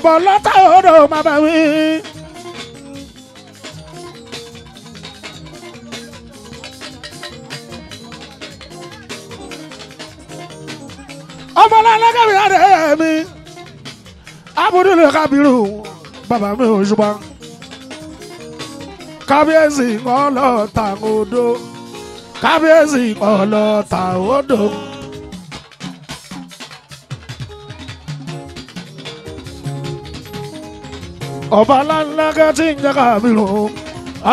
ìbọn lọ́tà odò máa bá wí. ọmọlá alágàbí adé mi abudulu kabiru bàbá mi ò ṣùgbọ́n kábíyèsí ọlọ́ta odò kábíyèsí ọlọ́ta odò. ọba aláǹlága tí ń jẹ́ kàmí lò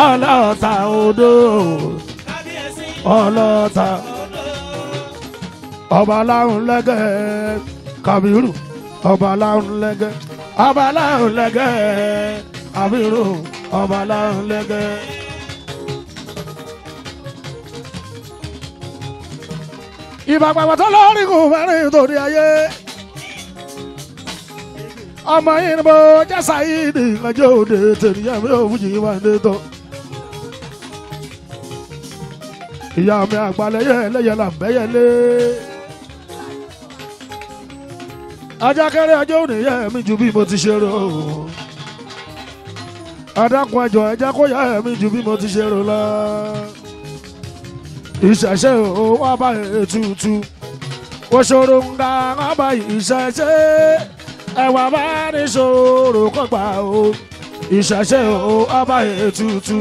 ọlọ́ta odò ọlọ́ta ọba aláǹlẹ́gẹ́ kàmírù ọba aláǹlẹ́gẹ́ ọba aláǹlẹ́gẹ́ kàmírù ọba aláǹlẹ́gẹ́. ìbàgbàgbà tó lọ́ọ́ rí kò fẹ́rẹ̀ torí ayé ọmọ yìí ni mo jẹ́ Saheed lọ́jọ́ òde tènìyà mi ò fújì wá ní tó. ìyá mi àgbàlẹ́yẹ ẹlẹ́yẹ làbẹ́yẹlé. ajá kẹrẹ ajá ò mi ju bí mo ti ṣe rò. adákun àjọ ẹja kó yá mi ju bí mo ti ṣe rò lọ. ìṣẹ̀ṣẹ̀ ò wá bá ètùtù. wọ́n ṣòro ń ga wọ́n ẹwà bá ní ṣòro kọ́gbà o ìṣẹ̀ṣe o ọba ètùtù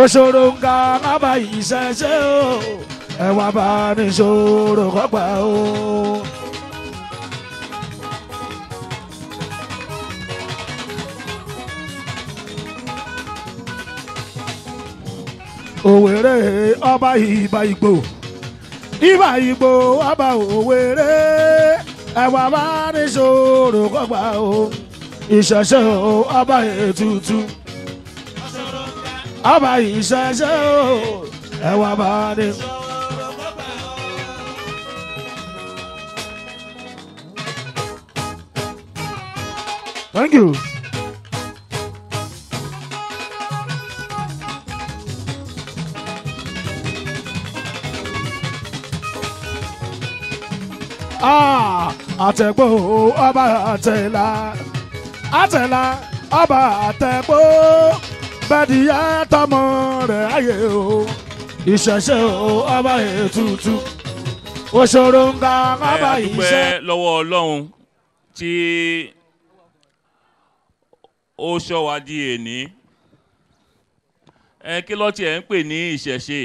òṣòro nga lábà ìṣẹ̀ṣe o ẹwà bá ní ṣòro kọ́gbà o. Òwèrè ọba ìbà Ìgbò ìbà Ìgbò ọba Òwèrè ẹ̀wà bá ní ṣòro kọ́gbà o ìṣẹ̀ṣẹ̀ o ọba ètùtù ọba ìṣẹ̀ṣẹ̀ o ẹ̀wà bá ní. Thank you. àtẹ̀gbò ọba àtẹ̀là àtẹ̀là ọba àtẹ̀gbò bẹ́ẹ̀dìyẹ tọmọ rẹ̀ ayé o ìṣẹ̀ṣe o ọba ètùtù òṣòro nga ọba ìṣe. ẹ dúpẹ́ lọ́wọ́ ọlọ́run tí ó sọ wá di èní ẹ kí ló tiẹ̀ ń pè ní ìṣẹ̀ṣe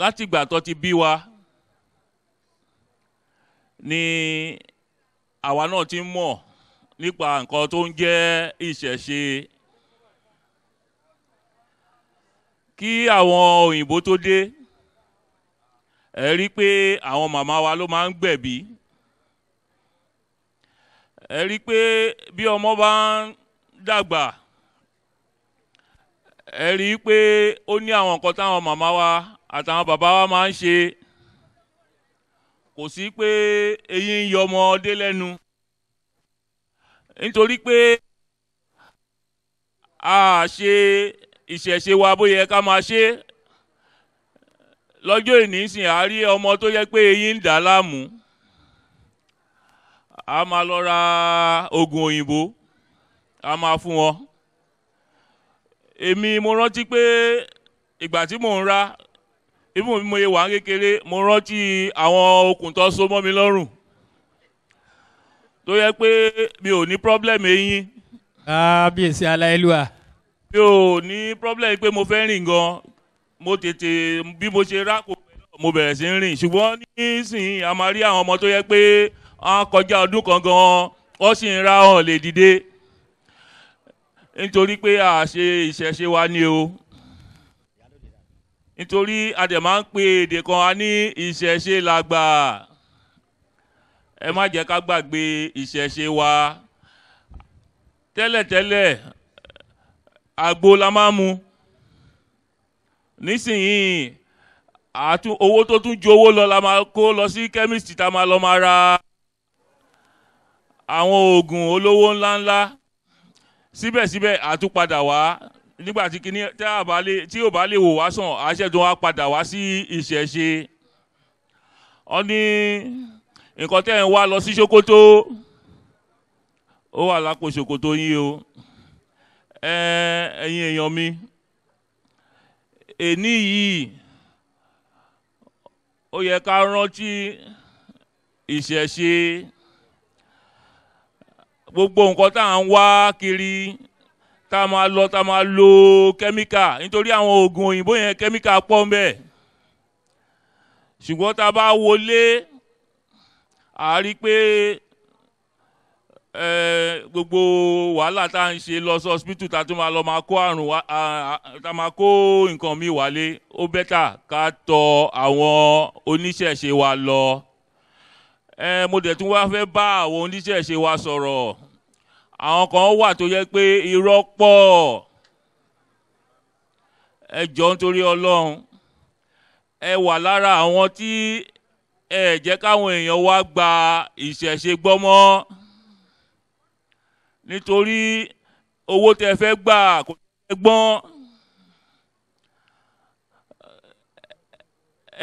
látìgbà tó ti bí wa ni àwa náà ti mọ̀ nípa nǹkan tó ń jẹ́ ìṣẹ̀ṣe kí àwọn òyìnbó tó dé ẹ rí i pé àwọn màmá wa ló máa ń gbẹ̀bí ẹ rí pé bí ọmọ bá ń dàgbà ẹ rí pé ó ní àwọn nǹkan táwọn màmá wa àtàwọn bàbá wa máa ń ṣe kò sí pé eyín ń yọ ọmọdé lẹ́nu nítorí pé a ṣe ìṣẹ̀ṣe wa bó yẹ ká máa ṣe lọ́jọ́ ìnísìn a rí ọmọ tó yẹ pé eyín ń dà á láàmú a máa lọ ra oògùn òyìnbó a máa fún wọn èmi mo rántí pé ìgbà tí mò ń ra even bí mo yẹ wà kékeré mo rántí àwọn okùn tó so mọ́ mi lọ́rùn tó yẹ pé mi ò ní problem eyín. kábíyèsí aláìlúwa. mi ò ní problem pé mo fẹ́ rìn gan mo tètè bí mo ṣe rákò mo bẹ̀rẹ̀ sí rìn ṣùgbọ́n nísìnyí a máa rí àwọn ọmọ tó yẹ pé wọ́n kọjá ọdún kan gan wọ́n sì ń ra ọ̀hún lè dìde nítorí pé àṣe ìṣẹ̀ṣe wa ni o nítorí a dẹ̀ máa ń pe èdè kan a ní ìṣẹ̀ṣe làgbà ẹ má jẹ́ ká gbàgbé ìṣẹ̀ṣe wa tẹ́lẹ̀tẹ́lẹ̀ àgbo la máa ń mu nísìnyìí àtún owó tó tún ju owó lọ la máa kó lọ sí chemist tá a máa lọ máa ra àwọn oògùn olówó ńláńlá síbẹ̀síbẹ̀ àtúpadà wá nígbà tí kìíní tí ò bá lè wò wá sàn àṣẹ tó wá padà wá sí ìṣẹ̀ṣe ọ ní nǹkan tẹ́ ẹ̀ ń wá lọ sí Sokoto ó wà lápò Sokoto yín o ẹ̀yin èèyàn mi èní yìí ó yẹ ká rántí ìṣẹ̀ṣe gbogbo nǹkan tá à ń wá kiri tá a máa lọ tá a máa lo kẹ́míkà nítorí àwọn oògùn òyìnbó yẹn kẹ́míkà pọ̀ ńbẹ̀ ṣùgbọ́n tá a bá wọlé a rí pé gbogbo wàhálà tá à ń ṣe lọ sí hospital tá a tún máa lọ máa kó àrùn tá a máa kó nǹkan mi wálé ó bẹ́tà ká tọ àwọn oníṣẹ̀ṣe wa lọ mo dẹ̀ tún wá fẹ́ bá àwọn oníṣẹ̀ṣe wa sọ̀rọ̀ àwọn kan wà tó yẹ pé irọ́ pọ̀ ẹ jọ nítorí ọlọ́run ẹ wà lára àwọn tí ẹ jẹ́ káwọn èèyàn wá gba ìṣẹ̀ṣe gbọ́mọ́ nítorí owó tẹ́ fẹ́ gbà kò tẹ́ gbọ́n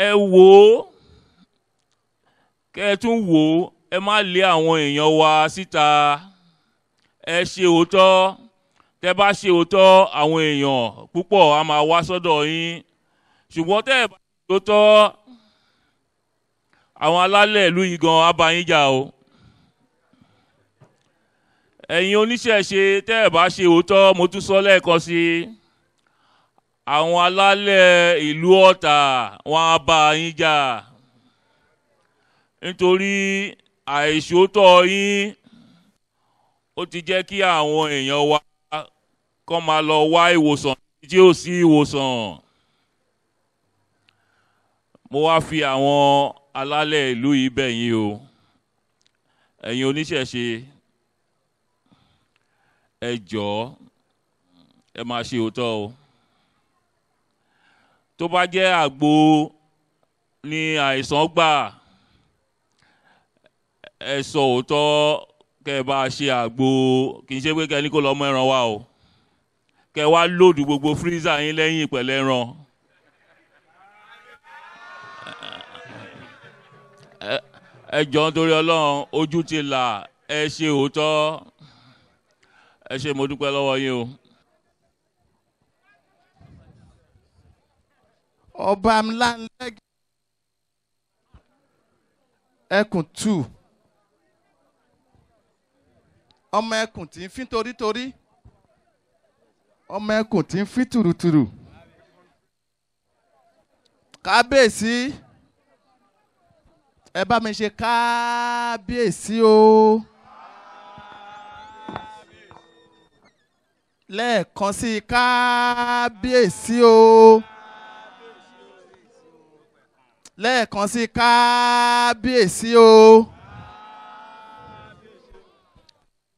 ẹ wò ó kẹ́ ẹ tún wò ó ẹ má lé àwọn èèyàn wa síta. Si ẹ ṣe òótọ́ tẹ bá ṣe òótọ́ àwọn èèyàn púpọ̀ a máa wá sọ́dọ̀ yín ṣùgbọ́n tẹ́ ẹ bá ṣe òótọ́ àwọn alálẹ̀ ìlú yìí gan á bá yín jà o ẹ̀yin oníṣẹ̀ṣe tẹ́ ẹ bá ṣe òótọ́ mo tún sọ lẹ́ẹ̀kan sí i àwọn alálẹ̀ ìlú ọ̀tà wọn á bá yín jà nítorí àìṣòótọ́ yín ó ti jẹ́ kí àwọn èèyàn wa kọ́ máa lọ wá ìwòsàn tí ó sí ìwòsàn mo wá fi àwọn alálẹ̀ ìlú yìí bẹ̀ yín o ẹ̀yin oníṣẹ̀ṣe ẹ jọ̀ọ́ ẹ máa ṣe òótọ́ o tó bá jẹ́ àgbo ni àìsàn gbà ẹ sọ òótọ́ kẹ́ ẹ bá ṣe àgbo kì í ṣe pé kẹ́ ẹ ní kó lọ mú ẹran wá o kẹ́ ẹ wá lòdù gbogbo fírísà yín lẹ́yìn pẹ̀lú ẹran. ẹ jọ nítorí ọlọ́run ojú ti là ẹ ṣe òótọ́ ẹ ṣe mo dúpẹ́ lọ́wọ́ yín o. ọba ńlá ńlẹ́gì ẹkùn two ọmọ ẹkùn tí ń fín torítorí ọmọ ẹkùn tí ń fín tùrùtùrù kábíyèsí ẹ bá mi ṣe kábíyèsí o lẹ́ẹ̀kan sí i kábíyèsí o lẹ́ẹ̀kan sí i kábíyèsí o. Kábíyèsí o.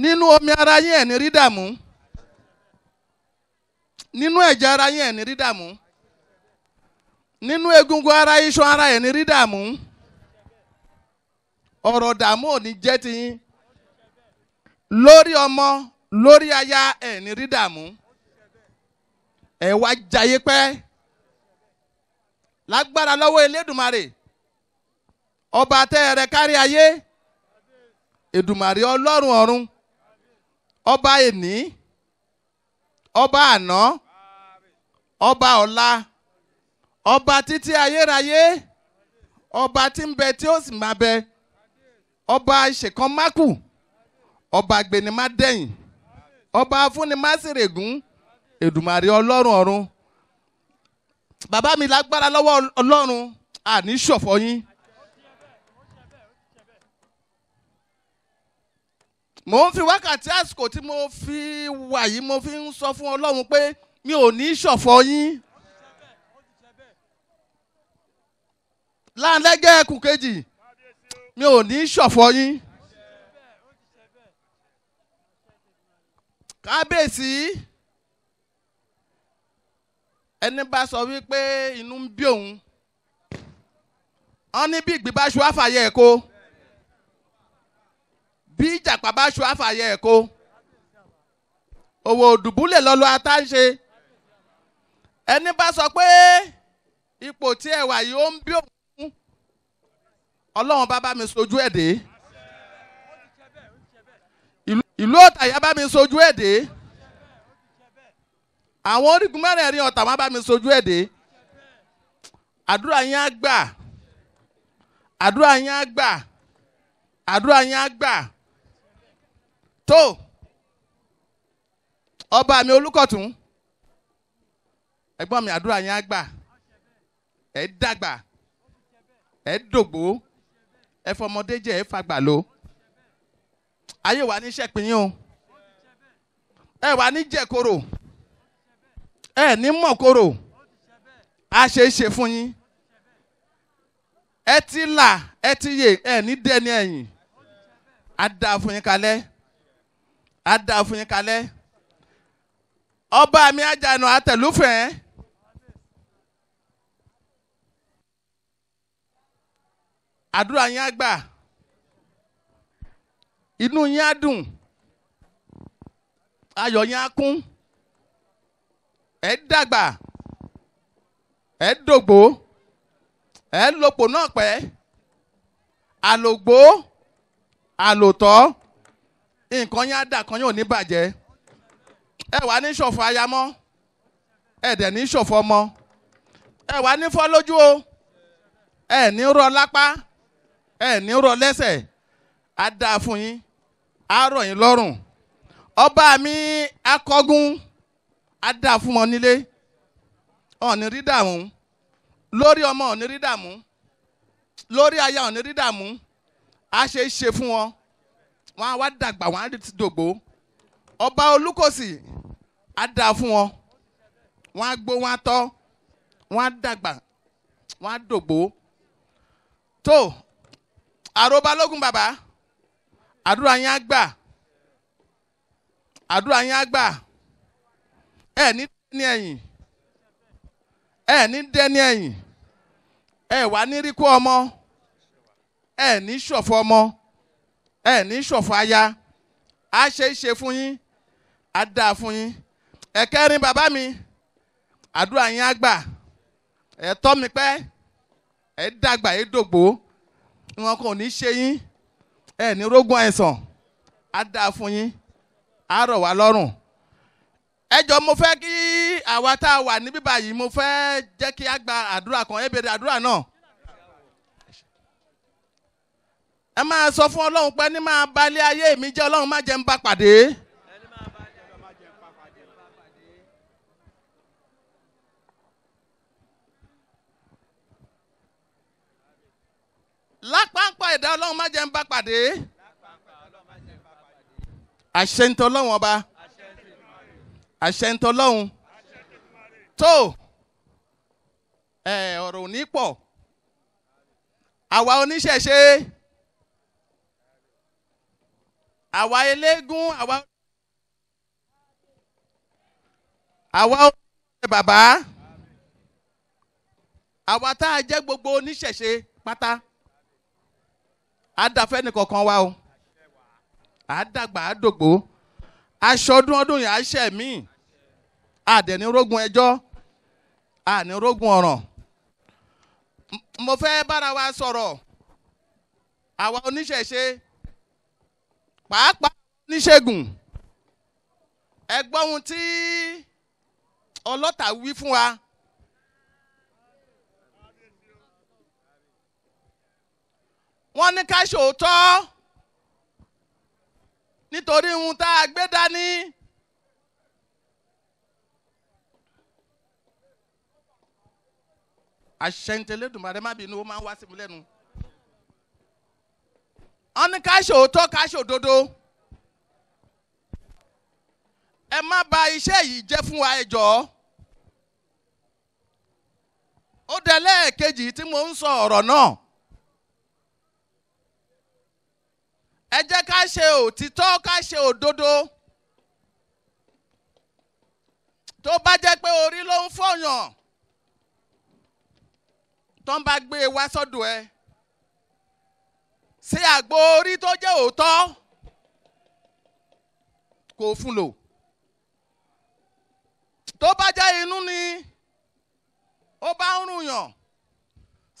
nínú omi ara yín ẹ̀ ní rí dààmú nínú ẹ̀jẹ̀ ara yín ẹ̀ ní rí dààmú nínú egungun ara iṣan ara ẹ̀ ní rí dààmú ọ̀rọ̀ dààmú ò ní jẹ́ ti yín lórí ọmọ lórí aya ẹ̀ ní rí dààmú ẹ̀ wá jayé pẹ́ lágbára lọ́wọ́ Elédùmarè ọba tẹ́ ẹ̀rẹ̀ kárí ayé Èdùmarè ọlọ́run ọ̀run ọba èní ọba àná ọba ọ̀la ọba títí ayérayé ọba tí ń bẹ tí ó sì máa bẹ ọba ìṣèkànmákù ọba àgbènimádẹ́yìn ọba afúnimásírègún èdùmàrè ọlọ́run ọ̀run bàbá mi lágbára lọ́wọ́ ọlọ́run àní ṣọ̀fọ̀ yín. mò ń fi wákàtí àsìkò tí mo fi wà yìí mo fi ń sọ fún ọlọ́run pé mi ò ní ṣọ̀fọ̀ yín. láńlẹ́gẹ́ ẹkùn kejì mi ò ní ṣọ̀fọ̀ yín. kábíyèsí ẹni bá sọ wípé inú ń bí òun wọn ní bí ìgbín àfàyẹ ẹ̀kọ́ bí ìjàpá bá ṣu àfàyẹ ẹ̀kọ òwò òdùbúlẹ̀ lọ́lọ́ atáṣe ẹni bá sọ pé ipò tí ẹ wà yìí ó ń bí òun ọlọ́run bá bá mi sojú ẹ̀ dé ìlú ọ̀tàyà bá mi sojú ẹ̀ dé àwọn orígun mẹ́rẹ̀ẹ̀rin ọ̀tà wọn bá mi sojú ẹ̀ dé àdúrà yín á gbà àdúrà yín á gbà àdúrà yín á gbà tó ọba mi Olúkọ̀tún ẹ̀gbọ́n mi àdúrà yẹn á gbà ẹ dàgbà ẹ dògbò ẹ fọmọdé jẹ ẹ fagbà lo ayé wa ní sẹpìnyín o ẹ wà ní jẹkoro ẹ ní mọkoro a ṣe é ṣe fún yín ẹ ti là ẹ ti yè ẹ ní dẹni ẹ̀yìn á dáa fún yín kalẹ̀ á dá fún yín kalẹ̀ ọba mi àjànà àtẹlúfẹ́ àdúrà yín á gbà inú yín á dùn yín á ẹ dàgbà ẹ dògbò ẹ lòpò náà pẹ́ àlògbò àlòtọ́ nǹkan yẹn á dà kan yóò ní bàjẹ́ ẹ wà ní ṣòfò ayamọ́ ẹ dẹ̀ ní ṣòfò ọmọ ẹ wà ní fọ́ lójú o ẹ ní rọ lápá ẹ ní rọ lẹ́sẹ̀ á dáa fún yín á rọ̀ yín lọ́rùn ọba mi akọ́gun á dáa fún wọn nílé ọ̀ọ́ni rí dààmú lórí ọmọ ọ̀ọ́ni rí dààmú lórí aya ọ̀ọ́ni rí dààmú á ṣe é ṣe fún wọn wọn á wá dàgbà wọn á ti dògbò ọba olúkòsì á dáa fún wọn wọn á gbó wọn á tọ́ wọn á dàgbà wọn á dògbò tó àròbalógun bàbá àdúrà yín á gbà àdúrà yín á gbà ẹ ní dẹni ẹ̀yìn ẹ ní dẹni ẹ̀yìn ẹ wà ní ríkú ọmọ ẹ ní ṣọ̀fọ̀ ọmọ ẹ ní ṣọ̀fọ̀ aya á ṣe é ṣe fún yín á dáa fún yín ẹ̀kẹ́rin bàbá mi àdúrà yín á gbà ẹ̀ tọ́ mi pẹ́ ẹ̀ dàgbà ẹ̀ dògbò wọn kò ní ṣe yín ẹ̀ ní rógún àìsàn á dáa fún yín á rọ̀ wá lọ́rùn ẹ jọ mo fẹ́ kí àwa tá a wà níbí báyìí mo fẹ́ jẹ́ kí a gba àdúrà kan ẹ béèrè àdúrà náà. ẹ máa sọ fún ọlọ́run pé ní máa balẹ̀ ayé mi jẹ́ ọlọ́run má jẹ́ ń bá pàdé. lápáńpá ẹ̀dá ọlọ́run má jẹ́ ń bá pàdé. àṣẹ ọlọ́run ọba àṣẹ ọlọ́run tó ọ̀rọ̀ ò ní pọ̀ àwa oníṣẹ̀ṣe àwa eléégún àwa àwa olùkọ́ bàbá àwa tá a jẹ́ gbogbo oníṣẹ̀ṣe pátá àdàfẹ́ nìkankan wa o àdàgbà àdògbò aṣọ ọdún ọdún yìí àṣẹ mi àdẹ̀nirógun ẹjọ́ ànírógun ọ̀ràn mo fẹ́ bára wa sọ̀rọ̀ àwa oníṣẹ̀ṣe pàápàá oníṣègùn ẹ gbọ́ ohun tí ọlọ́tà wí fún wa. wọ́n ní ká ṣòótọ́ nítorí ohun tá a gbé dání. àṣẹ ń tẹ̀lé dùnmọ́ rẹ má bínú ó máa ń wá sí mi lẹ́nu. onika ṣe o tóka ṣe o dodo ẹ ma ba ise yi je wa ẹjọ o deele keji ti mo n so oro naa e je ka ṣe o to ka ṣe o dodo to baje pe ori lo n fọyan to n bagbe wa so do e ṣe àgbo orí tó jẹ́ òótọ́ kò fún lò tó bá jẹ́ inú ni ó bá ń rùyàn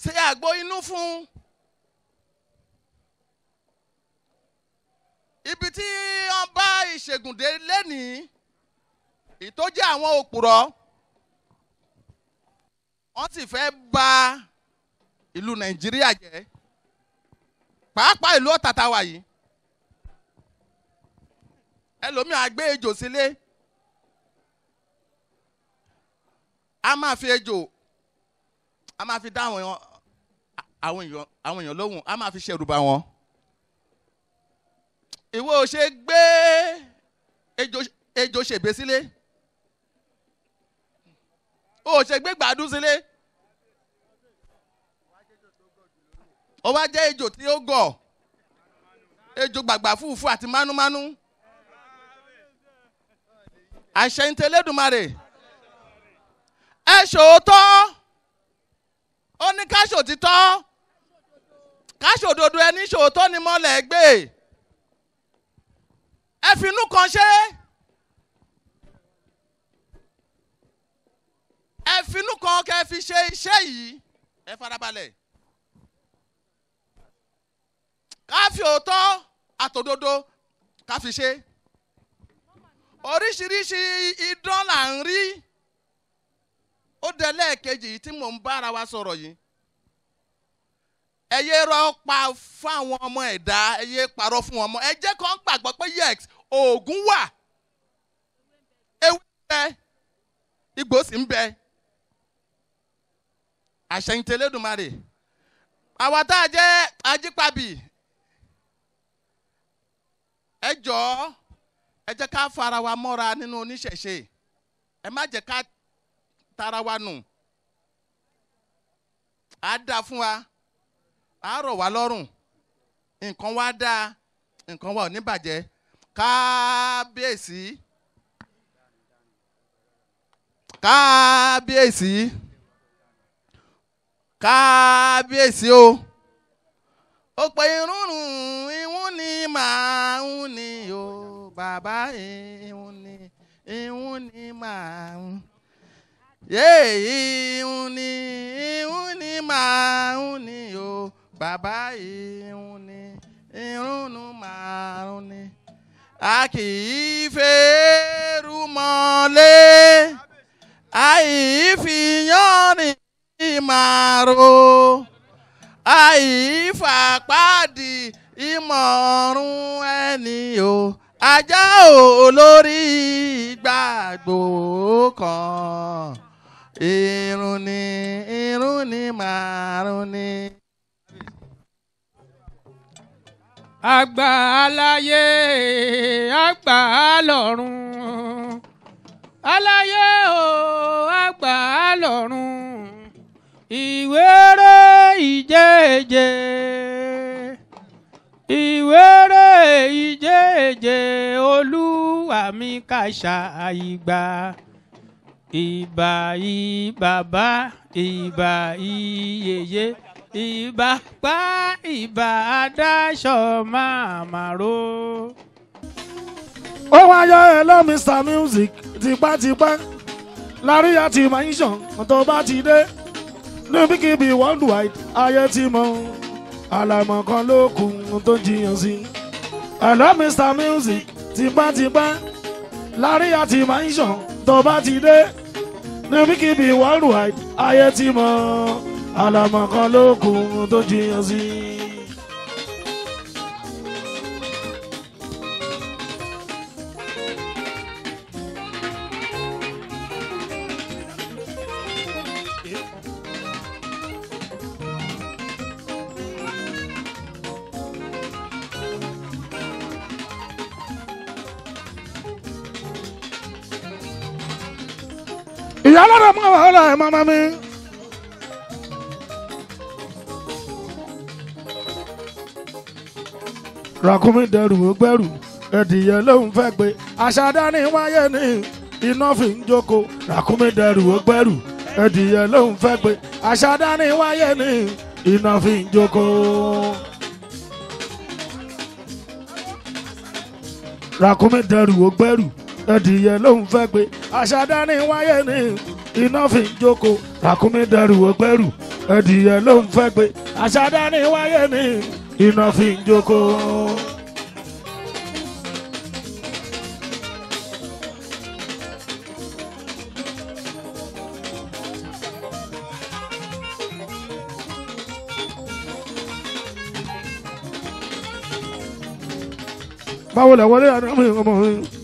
ṣe àgbo inú fún ibi tí wọ́n bá ìṣègùn dé lẹ́nìí ìtọ́jú àwọn òpùrọ̀ wọ́n sì fẹ́ bà ìlú Nàìjíríà jẹ́ pàápàá ìlú Ọ̀tà tá wà yìí ẹlòmíì á gbé ejò sílé a máa fi ejò a máa fi dá àwọn èèyàn àwọn èèyàn lóhùn a máa fi ṣẹ̀rùbà wọn ìwọ ò gbé ejò ejò ṣègbè sílé o ò ṣe gbé gbàdú ó wá jẹ́ ejò tí ó gọ̀ ejò gbàgbà fùfú àti mánúmánú àṣẹyìntẹ́lẹ́dùmarè ẹ ṣòótọ́ ó ní ká ṣòtítọ́ ká ṣòdodo ẹni ṣòótọ́ ni mọ́lẹ̀ gbé ẹ finú kan ṣe ẹ finú kan kẹ́ fi ṣe iṣẹ́ yìí ẹ farabalẹ̀. ká fi òótọ́ àtòdodo ká fi ṣe oríṣiríṣi idán là ń rí ó dé lẹ́ẹ̀kejì tí mò ń bára wa sọ̀rọ̀ yìí ẹ yé rọ pa fáwọn ọmọ ẹ̀dá ẹ parọ́ fún ọmọ ẹ jẹ́ gbàgbọ́ pé yes oògùn wà ewu bẹ igbó sì ń bẹ àṣẹyìntẹ́lẹ́dùnmarè àwa tá a jẹ́ ajípabì ẹ jọ̀ọ́ ẹ jẹ́ ká fara wa mọ́ra nínú oníṣẹ̀ṣe ẹ má jẹ ká tara wa nù á dá fún wa á rọ̀ wá lọ́rùn nǹkan wa dáa nǹkan wa ò ní bàjẹ́ kábíyèsí kábíyèsí kábíyèsí o ó pe irun rùn ìwọ̀n. ìhun ni màá ń ni o bàbá ìhun ni ìhun ni màá ń ìhun ni ìhun ni màá ń ni o bàbá ìhun ni ìrúnú màá ń ni a kì í fẹ́ẹ́rù mọ́lẹ̀ àìfìyànrìn ìmàrò àìfàpáàdì ìmọ̀ràn ẹni o ajá olórí gbàgbó kan irun ni irun ni màrún ni. àgbà aláyé àgbà lọ́run aláyé o àgbà lọ́run ìwéré ìjẹ́jẹ́ ìwéré ìjẹ́jẹ́ olúwa mi kàṣà ìgbà ìbà ìbàbá ìbà ìyèyé ìbà pa ìbà adáṣọ màmáró. ó wá yọ ẹ lọ Mr Music tipátipá láríyá ti máa ń ṣàn tó bá ti dé níbikíbi worldwide ayé ti mọ̀ àlàmọ̀ kan ló kù tó jiyàn sí. hello Mr Music tipátipá lárí àti mansion tó bá ti dé níbi kíbi worldwide ayé ti mọ̀ àlàmọ̀ kan ló kù tó jiyàn sí. gbọ́dọ̀ mọ wàhálà ẹ̀ màmá mi. ràkúnmí dẹrù ó gbẹrù ẹdìyẹ lòún fẹ́ gbé àṣàdá ní wáyé ní iná fi ń jókòó ràkúnmí dẹrù ó gbẹrù ẹdìyẹ lòún fẹ́ gbé àṣàdá wáyé ní iná fi ń jókòó. ràkúnmí dẹrù gbẹrù ẹdìyẹ lòún fẹ́ gbé àṣàdá wáyé ní iná fi ń jókòó ràkúnmí dẹrù ọgbẹ́rù ẹdìyẹ ló ń fẹ́ gbé àṣàdá ni wáyé ni iná fi ń jókòó. báwo lẹ̀ wọlé àná mi ọmọ mi.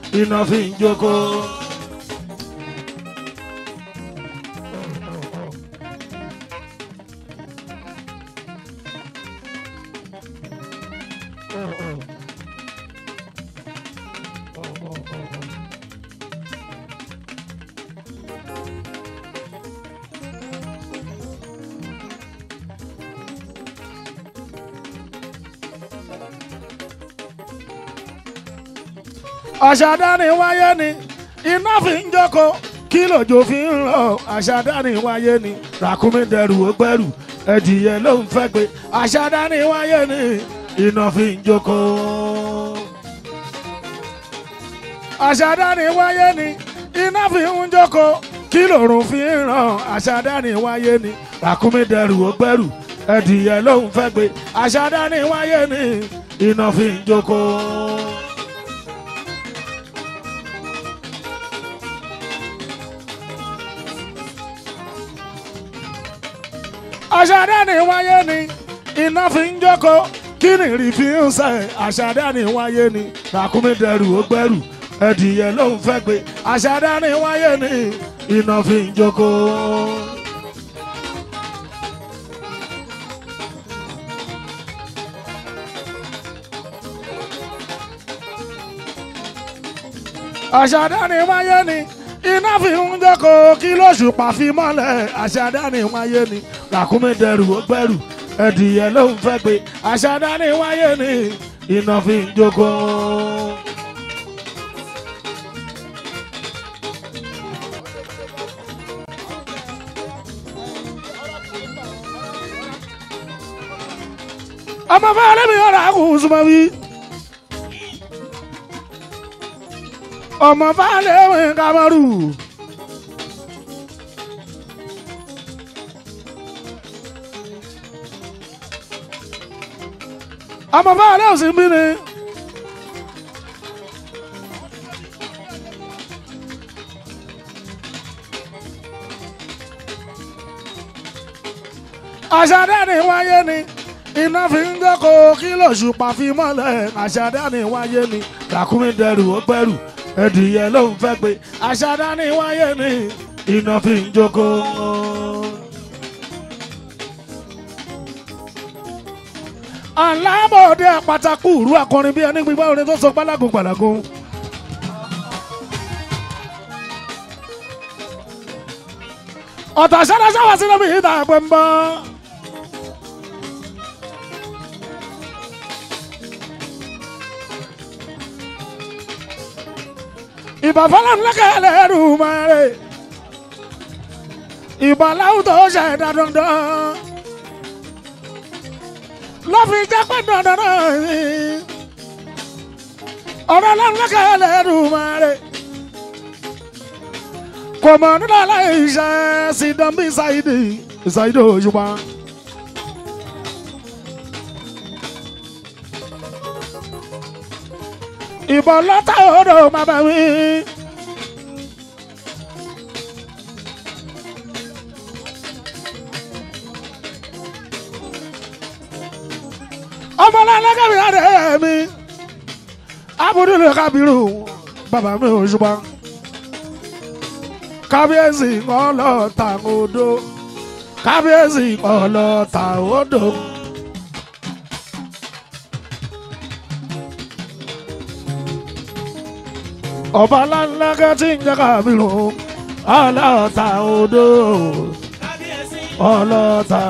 Enough in Joko. àṣàdáni wáyé ni iná fi ń jókòó kí lòjò fi ń rọ̀ àṣàdáni wáyé ni ràkúnmí dẹrù ó gbẹrù ẹdìyẹ ló ń fẹ́ gbé àṣàdáni wáyé ni iná fi ń jókòó. àṣàdáni wáyé ni iná fi ń jókòó kí lòrùn fi ń ràn àṣàdáni wáyé ni ràkúnmí dẹrù ó gbẹrù ẹdìyẹ ló ń fẹ́ gbé àṣàdáni wáyé ni iná fi ń jókòó. àṣàdá ni wáyé ni iná fi ń jókòó kí ni rí fi ń sẹ àṣàdá ni wáyé ni ràkúnmí dẹrù ó gbẹrù ẹdìyẹ ló ń fẹ́ gbé àṣàdá ni wáyé ni iná fi ń jókòó. àṣàdá ni wáyé ni iná fi ń jókòó kí lóṣù pàfimọ́lẹ̀ àṣàdá ni wáyé ni. làkúnmí dẹrù ó gbẹrù ẹdìyẹ ló ń fẹ́ pé àṣàdá ní wáyé ni iná fi ń jókòó. ọmọ fẹ́rẹ́ mi ọ̀rọ̀ àkùn súnmọ́ bí. ọmọ fẹ́rẹ́ mi kamaru. ọmọ bá àárẹ̀ òsì bí ni. àṣàdáni wáyé ni iná fi ń jókòó kílò ṣùpá fi mọ́lẹ̀ àṣàdáni wáyé ni làkúmí dẹrù ó pẹ́rù ẹ̀dìyẹ ló ń fẹ́ pé àṣàdáni wáyé ni iná fi ń jókòó. alábọ̀dé àpàtàkù ìrú akọrin bíi ẹni gbígbá orin tó sọ gbálágùn gbàlágùn. ọ̀tà ṣáláṣáwá sínú mi ìta ẹ̀pẹ́ ń bọ́. ìbà fọlọ́n lẹ́kẹ̀ lẹ́rù máa rè ìbà láwùjọ ṣẹ̀dá dandan ló fi jẹ́ pé dandanà mi ọ̀rọ̀ ọlọ́run lọ́kẹ́ Ẹlẹ́dùmarè kò mọ̀ nínú aláìṣẹ́ sídánbí ṣáìdì ṣáìdì òṣùpá. ìbọn lọ́tà odò màmá mi. amúdúlé kábírù bàbá mi ò ṣùgbọ́n kábíyèsí ọlọ́ta odò kábíyèsí ọlọ́ta odò. ọba ńláńlá kẹ́tí ń jẹ́ kábírù ọlọ́ta odò ọlọ́ta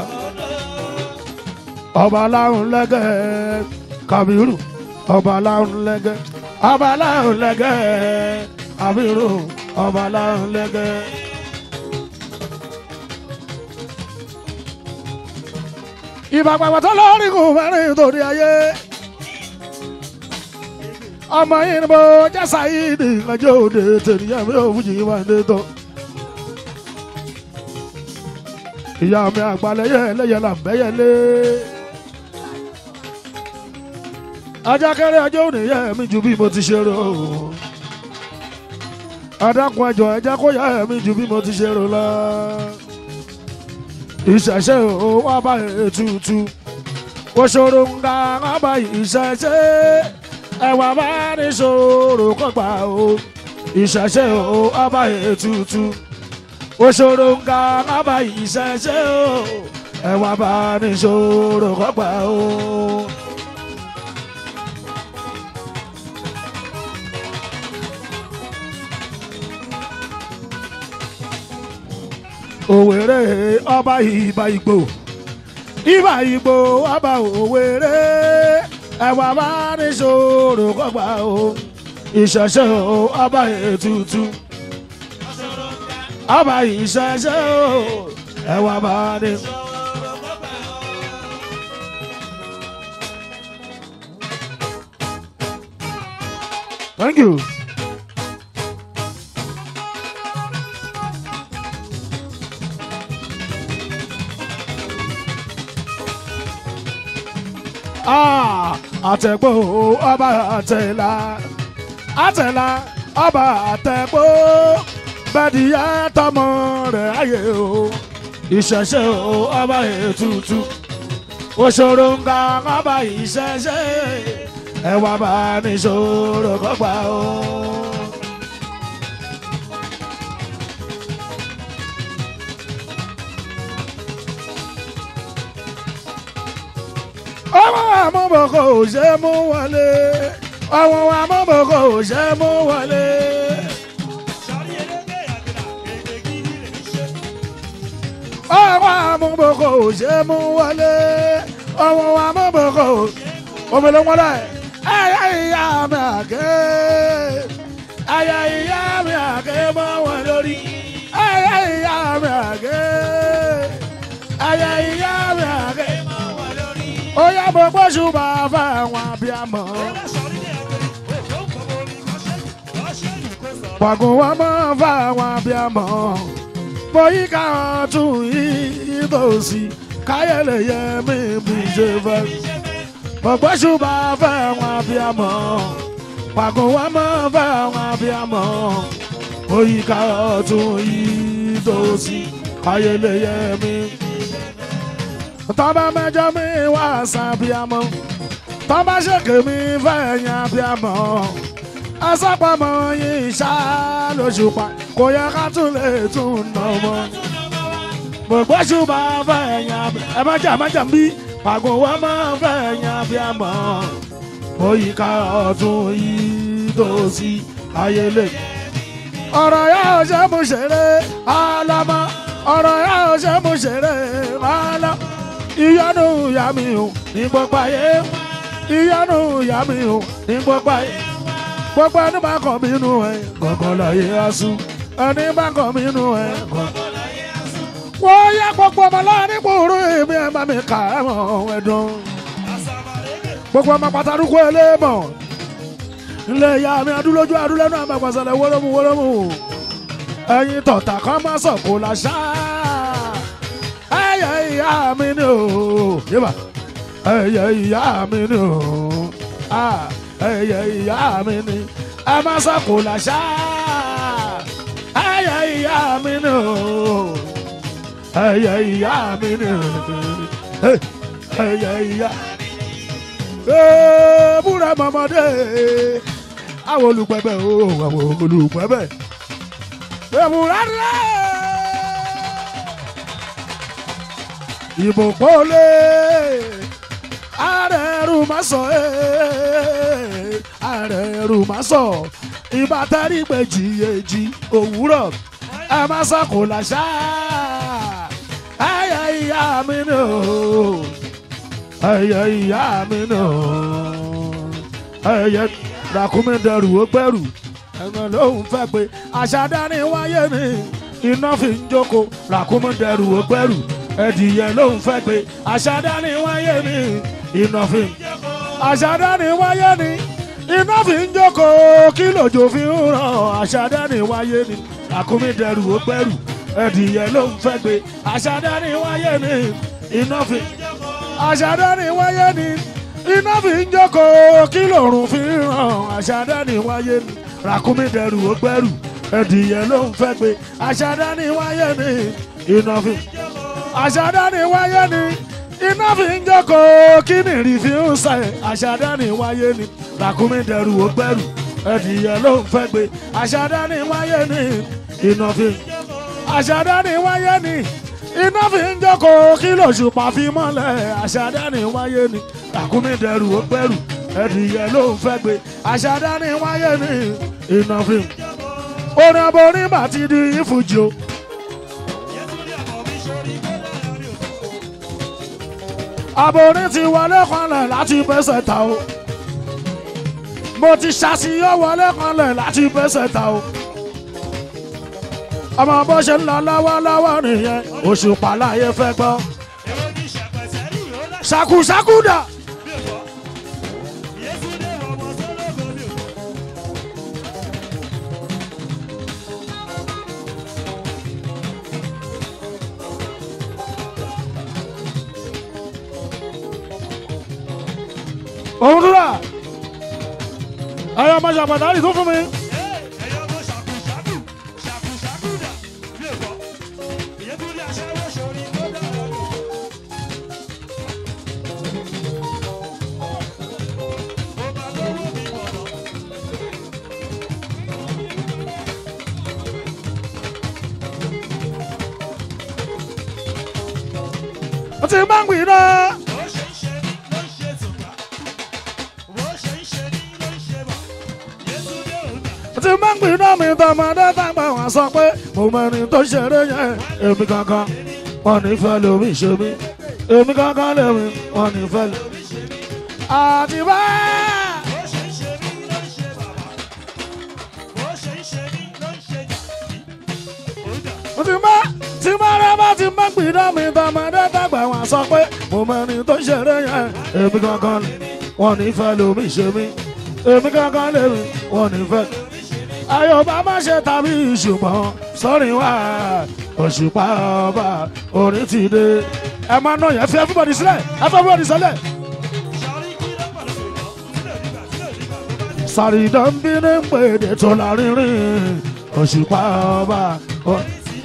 ọba láwọn lẹ́gẹ̀ẹ́ kábírù ọba láwọn lẹ́gẹ̀ẹ́ ọba láhùn abiru àbírò ọba láhùn lẹ́gẹ́. ìbàgbàgbà tó lórí kò mẹ́rin torí ayé ọmọ yìí ni mo jẹ́ sáyidi ìrìnàjò òde tènìyàn mi ò fújì wá dé tó. ìyá mi àgbàlẹ́yẹ ẹlẹ́yẹ làbẹ́yẹlé ajákẹ́rẹ́ ajó nìyẹ́ mi ju bí mo ti ṣe rò adákun àjọ ẹja kó yá mi ju bí mo ti ṣe rò lọ ìṣẹ̀ṣe ò wá bá ètùtù kòṣòro ń ga wá bá ìṣẹ̀ṣe ẹ̀wà bá ní ṣòro kọ́gbà o ìṣẹ̀ṣe ò wá bá ètùtù kòṣòro ń ga wá bá ìṣẹ̀ṣe o ẹ̀wà bá ní ṣòro kọ́gbà o. òwèrè ọba ìbà ìgbò ìbà ìgbò ọba òwèrè ẹwà bá ní ṣòro kọgbà o ìṣẹ̀ṣẹ̀ o ọba ètùtù ọba ìṣẹ̀ṣẹ̀ o ẹwà bá ní. Thank you. àtẹ̀gbò ọba àtẹ̀là àtẹ̀là ọba àtẹ̀gbò bẹ́ẹ̀dìyẹ tọmọ rẹ̀ ayé o ìṣẹ̀ṣe o ọba ètùtù òṣòro nga ọba ìṣẹ̀ṣe ẹ̀wà bá níṣòro kọ́gbà o. mọ̀ kò ṣe mú wọlé ọmọ wa mọ̀ mọ̀ kò ṣe mú wọlé. ọmọ wa mọ̀ mọ̀ kò ṣe mú wọlé ọmọ wa mọ̀ mọ̀ kò ọmọ ló ń wọlé ẹ̀ ẹ̀ yá ìyá mi àgẹ́ ẹ̀ yá ìyá mi àgẹ́. bóṣù bá fáwọn abiyamọ. Wàgùn wa máa fáwọn abiyamọ. Mo yí ká ọ̀tún yìí tòsí káyẹ̀lẹ̀ yẹ mí bí ṣe fẹ́. Mo gbóṣù bá fáwọn abiyamọ. Wàgùn wa máa fáwọn abiyamọ. Mo yí ká ọ̀tún yìí tòsí káyẹ̀lẹ̀ yẹ mí tọ́ba mẹ́jọ mi wá sàbíàmọ tọ́ba ṣèké mi fẹ̀yìn àbíàmọ asápamọ yìí ṣá lóṣùpá kò yẹ ká tún lè tún nà mọ gbogbo ṣùpá fẹ̀yìn àbíàmọ ẹ má jà má jà bí pàgọ́ wa máa fẹ̀yìn àbíàmọ òyìnká ọ̀tún yìí tó sí ayé lè ọ̀rọ̀ yà ó ṣe ṣeré alama ọ̀rọ̀ yà ó ṣe ṣeré alama ìyanu ìyá mi ò ní gbogbo ayé ìyanu ìyá mi ò ní gbogbo ayé gbogbo ẹni bá kàn mí nù ẹ gọ̀gàn láyé asú ẹni bá kàn mí nù ẹ gọ̀gàn láyé asú. wọ́n yá gbogbo ọmọ láàrin kúrú ìbí ẹ̀ bá mi kà ẹ̀ mọ̀ ẹ̀dùn. gbogbo ọmọ pàtàkì ẹlẹ́mọ̀ ilé ìyá mi adúlójú adúlẹ́nu àmàgbàsọ̀lẹ̀ wọ́lọ́mù wọ́lọ́mù tọ̀tà kan má sọ̀kò làṣáá ay, ìyá mi ni o ay ay, ìyá mi ni o ay, ìyá mi ni ẹ má sọ kò Ay ẹyẹ ìyá mi ni ay ay ìyá mi ni o ẹyẹ ìyá búra mọ̀mọ́dé àwọn olùpẹ̀bẹ̀ o àwọn olùpẹ̀bẹ̀ bẹ̀rù rárá. ìbò pọ́lé ààrẹ ẹrù má sọ eh, ààrẹ ẹrù má sọ ìbá tẹ́rí péjì èjì òwúrọ̀ ẹ má sọ kò láṣà ẹyẹ ìyá mi nù ẹyẹ ìyá mi nù ẹyẹ ràkúnmí dẹrù ó gbẹrù ẹ̀gbọ́n lòun fẹ́ pé àṣà dání wáyé mi iná fi ń jókòó ràkúnmí dẹrù ó gbẹrù ẹdìyẹ ló ń fẹ́ pé àṣàdá ni wáyé mi iná fi ń àṣàdá ni wáyé ni iná fi ń jókòó kí lòjò fi ń ràn àṣàdá ni wáyé ni àkúmídẹrù ó pẹ́rù ẹdìyẹ ló ń fẹ́ pé àṣàdá ni wáyé mi iná fi ń àṣàdá ni wáyé ni iná fi ń jókòó kí lòrùn fi ń ràn àṣàdá ni wáyé ni ràkúmídẹrù ó pẹ́rù ẹdìyẹ ló ń fẹ́ pé àṣàdá ni wáyé mi iná fi ń jókòó. ni wáyé ni iná fi ń jókòó kí ni rìfíùsà ẹ̀ ni wáyé ni làkúmí dẹrù ó gbẹrù ẹdìyẹ ló ń fẹ́ gbé àṣàdáni wáyé ni iná fi ń àṣàdáni wáyé ni iná fi ń jókòó kí lòṣùpá fi mọ́lẹ̀ àṣàdáni wáyé ni làkúmí dẹrù ó gbẹrù ẹdìyẹ ló ń fẹ́ gbé Asada wáyé ni iná fi ń orin aborin bá ti di ìfújì àbòrí ti wọlé kanlẹ̀ láti fẹsẹ̀ ta o mo ti ṣàṣìyọ́ wọlé kanlẹ̀ láti fẹsẹ̀ ta o ọmọ bó ṣe ń lọ lọ́wọ́lọ́wọ́ nìyẹn òṣùpá láyé fẹ́ gbọ́ ṣàkùṣàkùdà. máa ṣàpàtà àlè tó fún mi. ti máa ń gbìyànjú. iná mi tọmọdé tàgbà wá sọ pé mo mẹni tó ṣeré yẹn èmi kankan wọn ní fẹ́ lómi ṣe mí èmi kankan lèmi wọn ní fẹ́ lómi ṣe mí. àdìbá. tí má tí má rẹ bá ti má gbìdá mi tọmọdé tàgbà wá sọ pé mo mẹni tó ṣeré yẹn èmi kankan wọn ní fẹ́ lómi ṣe mí èmi kankan lèmi wọn ní fẹ́ lómi ṣe mí àyọ̀bá má ṣe tàbí ṣùgbọ́n sọ́rí wá òṣùpá ọba orí ti dé. ẹ máa ná yẹn fi everybody sílẹ̀ everybody sílẹ̀. sàrídàn bí ní pèdè tó lárinrin òṣùpá ọba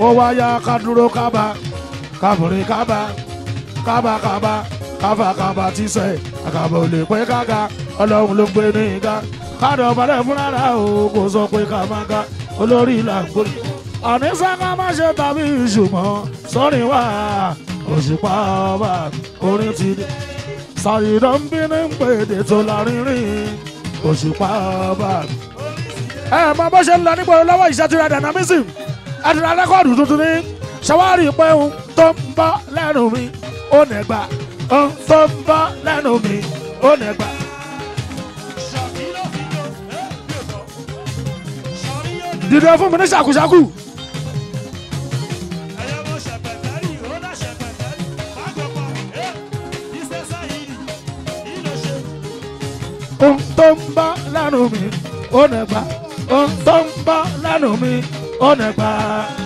ó wáyà ká dúró kábà kábùrín kábà kábàkábà kábàkábà tí sẹ àkàbọ̀ lè pẹ́ kága ọlọ́run ló gbé ní ga kádọ̀ balẹ̀ fúnra rà o kò sọ pé ká máa ga olórí là ń gbórí. àní sáká má ṣe tàbí ìṣùmọ̀ sọ́rin wá òṣùpá ọba orin ti dé. ṣàyìnà ń bí ní pèdè tó lárinrin òṣùpá ọba. ẹ mọ bó ṣe ń lọ nígboro lọ́wọ́ ìṣàtúrà dynamism àtúrà rẹ́kọ̀dù tuntun ní ṣàwárí pé tó ń bọ́ lẹ́nu mi ó nẹ̀gbà ohun tó ń bọ́ lẹ́nu mi ó nẹ̀gbà. dídẹ fún mi ní ṣàkúṣàkú. ohun tó ń bá lánàá mi ó nà gbà ohun mi ó